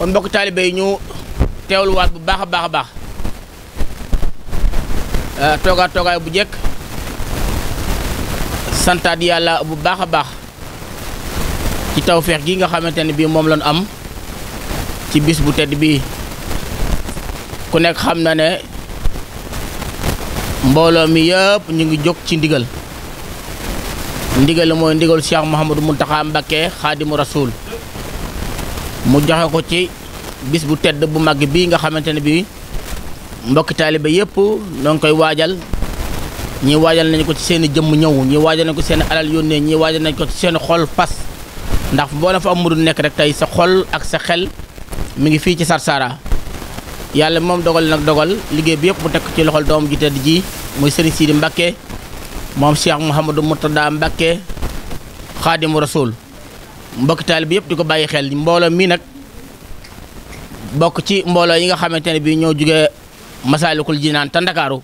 kon mbokk talibé ñu téwlu teewluwaat bu baaxa baaxa baax euh toga toga bu bu santa di yalla bu baaxa baax ci tawfiq gi nga xamanteni bi mom lañ am ci bis bu tedd bi ku nek xam na ne mbolo mi yëpp ñu ngi jóg ci ndigal ndigal moy ndigal Cheikh mohammed muntaha khadim Rasoul mu joxe ko ci bis bu tedd bu mag bii nga xamante ne bii mbokki taalibe yëpp noo koy waajal ñi waajal nañ ko ci seen i jëmm ñëw ñi waajal nañ ko seen alal yónnee ñi waajal nañ ko ci seen xol fas ndax boo la fa am mu nekk rek tey sa xol ak sa xel mu ngi fii ci Sarsara yàlla moom dogal nag dogal liggéey bi yëpp mu tekk ci loxol doom ji tedd ji muy Serigne Sidi Mbacké moom Cheikh Mouhamadou Mourtada Mbacké Xaadimu Rasuul mbok talib yep di ko xel mbolo mi nak bok ci mbolo yi nga xamanteni bi ñoo jugee masalikul jinan te dakaru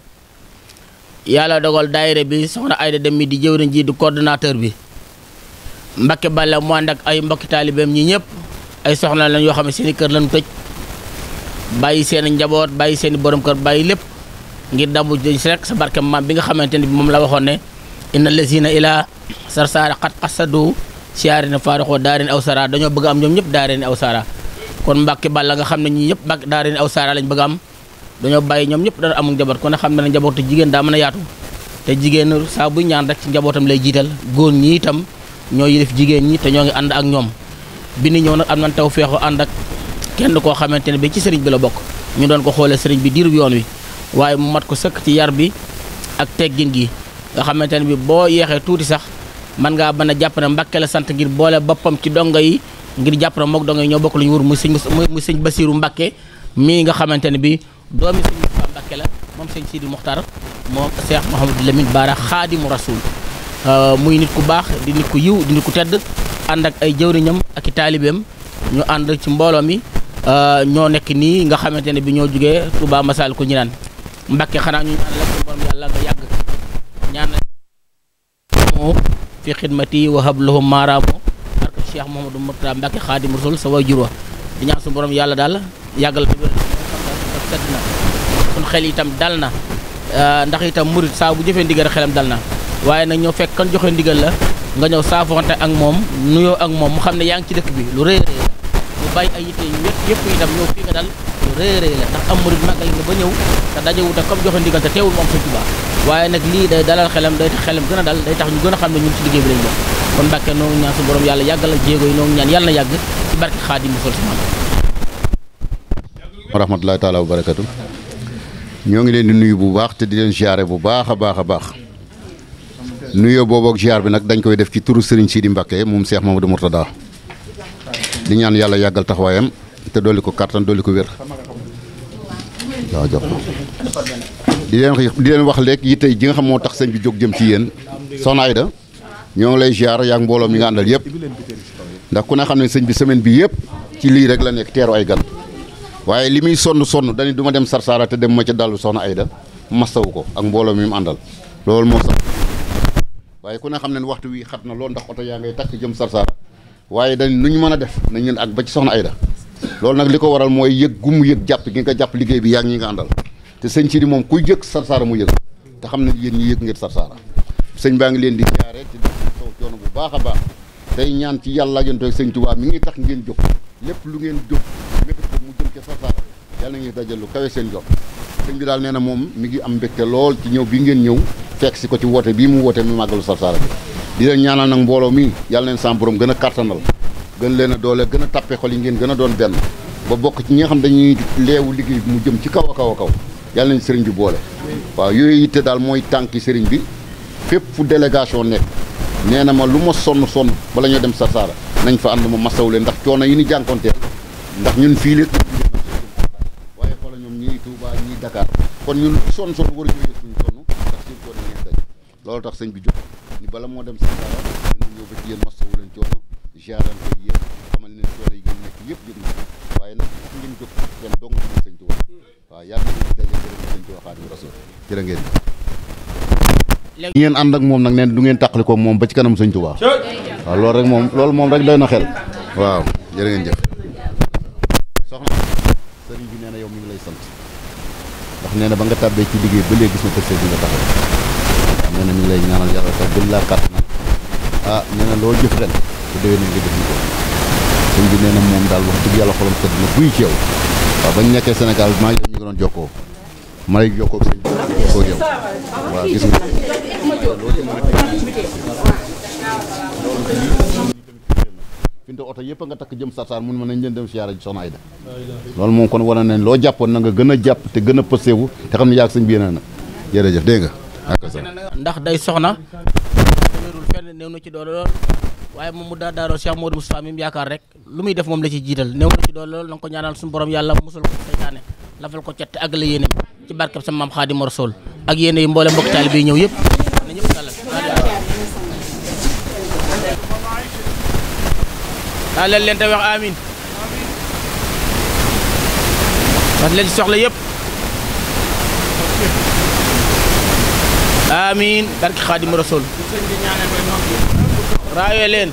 yalla dogal daire bi soxna Ayda Dem di jëwriñ ji di coordinateur bi Mbakke Balla mo andak ay mbok talibem ñi ñep ay soxna lañ yo xamé seen kër lañ tej bàyyi seen njabot bàyyi seen borom kër bàyyi lepp ngir damu jëj rek sa barke bi nga xamanteni mom la waxone innal lazina ila sarsaara xat asadu siyaare na faaraxoo daareen aw sara dañoo bëgg am ñoom ñëpp daareen aw sara kon Mbàkke Balla nga xam ne ñi ñëpp Mbàkke daareen aw sara lañ bëgg am dañoo bàyyi ñoom ñëpp dara amul njaboot kon a xam ne ne njabootu jigéen daa mën a yaatu te jigéen saa ñaan rek ci njabootam lay jiital góor ñi itam ñoo yilif jigéen ñi te ñoo ngi ànd ak ñoom bi ni ñëw nag am nañ taw feexu ànd ak kenn koo xamante ne bi ci sëriñ bi la bokk ñu doon ko xoolee sëriñ bi diiru yoon wi waaye mu mat bi ak teggin gi nga man nga mën japp na ne la sante ngir bolé bopam ci donga yi ngir japp na mok donga ñoo bokku lu ñu wur muy sëñ muy sëñ basiru mbàkke mii nga xamante bi doomi sëñ Moustapha la mom sëñ Sidi Muxtar mom Cheikh mohammed Lamine Bara xaadimu rasul euh, muy nit ku bax di nit ku yiw di nit ku tedd and ak ay jëwriñam ak talibem ñu and ci mbolo mi euh, ñoo nek ni nga xamante bi ñoo juggé Touba masal ko ñinan naan xana ñu ñaan la borom yalla nga yàgg ñaan fi xidmati wa hablahum maaraamu barke Cheikh Mouhamadou Mourtada Mbacke Xaadim Rasul sa waajur wa di ñaan suñu borom yàlla daal yàggal fi wér set na suñ xel itam dal na euh, ndax itam murit saa bu jëfee ndigal xelam dal na waaye nag ñoo fekk kan joxe ndigal la nga ñëw saafoonte ak moom nuyoo ak moom mu xam ne yaa ngi ci dëkk bi lu rëy rëy bàyyi ay yitte yu wét yëpp itam ñëw fii nga dal lu rëy rëy la ndax am murid màggal nga ba ñëw te dajewut ak comme joxe ndigal te teewul moom sëñ Tuubaa waaye nag lii day dalal xelam day tax xelam gën a dal day tax ñu gën a xam ne ci liggéey bi lañ yàgg ci barke Xaadim mu sol ñoo ngi leen di nuyu bu baax te di leen bu baax a baax a baax nuyoo boobu ak ziar bi nag dañ koy def ci turu Serigne Sidi Mbacke moom Cheikh Mamadou daa di ñaan yalla yagal taxwayam te doli ko carton doli ko wér waaw jox di len di len wax lek yitay gi nga xam mo tax señ bi jog jëm ci yeen sonay da ñoo lay ziar yaag mbolom yi nga andal yépp ndax ku na xam ne bi semaine bi yépp ci li rek la nek téro ay gan waye limi sonu sonu dañu duma dem sarsara te dem ma dalu dallu soxna Ayda mastawu ko ak mbolom yi mu àndal loolu sax waye ku na xam ne waxtu wi xatna lo ndax auto ya ngay tak jëm sarsara waaye dañ nu ñu mën a def nañ ñun ak ba ci soxna Ayda loolu nag li ko waral mooy yëg gu mu yëg jàpp gi nga jàpp liggéey bi yaa ngi ñi nga àndal te sëñ si di moom kuy yëg Sarsara mu yëg te xam ne yéen ñi yëg ngeen Sarsara sëñ baa ngi leen di jaare ci taw coono bu baax a baax tey ñaan ci yàlla jontoog sëñ Tuubaa mi ngi tax ngeen jóg lépp lu ngeen jóg méta mu jëm ca Sarsara yàlla ngeen dajal lu kawe seen jot sëñ bi daal nee na moom mi ngi am mbégte lool ci ñëw bi ngeen ñëw fekk si ko ci woote bii mu wootee mi màggalu Sarsara bi di len ñaanal nak mbolo mi yalla len sam borom gëna kartanal gën len doole gëna tapé xol yi ngeen gëna doon ben ba bok ci ñi nga xam dañuy leewu liggéey mu jëm ci kaw kaw kaw yalla len serigne bi boole yoy yi te dal moy tanki serigne bi fépp fu délégation nek nee ma luma son son ba bala ñoo dem Sarsara nañ fa andu ma massaw le ndax ciona yi ni jankonté ndax ñun fii lépp waaye xoola ñom ñi Touba ñi Dakar kon ñun son son war ñu jógee ñu sonn ndax ci ko yi dañ loolu tax sëñ bi ni bala moo dem seen dara dinañ ñëw ba ci yéen masawu leen coono jaaraan ko yéen xamal leen coono yi ngeen nekk yëpp yëg nañ ko waaye ngeen jóg kenn dong ngeen sëñ Tuubaa waaw yàlla nañu daje jërë sëñ Tuubaa Xaadimu Rasuul jërë ngeen léegi ngeen ànd ak moom nag neen du ngeen tàqali ko ba ci kanam rek rek xel waaw ngeen jëf soxna bi yow mi ngi lay sant ndax ba nga ci liggéey ba bi nga taxaw nee na ñu ngi lay ñaanal yàlla te gën laa kàttanal ah nee na loo jëf ren te déwén na nga jëf ñu ko bi nee moom daal wax dëgg yàlla xolam sedd na buy ci yow waaw bañ nekkee Sénégal maa ngi ñu ngi doon jokkoo ma lay jokkoo sëñ bi koo yow waaw gis a finte oto yëpp a nga takk jëm sarsaan mun mën nañ leen dem siyaara ji soxna Ayda loolu moom kon wane nañ loo jàppoon na nga gën a jàpp te gën a pësewu te xam ne yaag sëñ bi yeneen na jërëjëf dégg nga ndax day soxna wérul fenn néew na ci doole lool waaye moom mu daa daaroo Cheikh Modou Moustapha mi mu yaakaar rek lu muy def moom la ci jiital néew na ci doole lool na ko ñaanal suñu borom yàlla musal ko seytaane lafal ko cet ak la yéenem ci barkeb sa maam Xaadim Rasul ak yéene yi mboolem mbokk taalibe yi ñëw yëpp na leen te wax amin wax soxla yépp امين بارك خادم الرسول رايو لين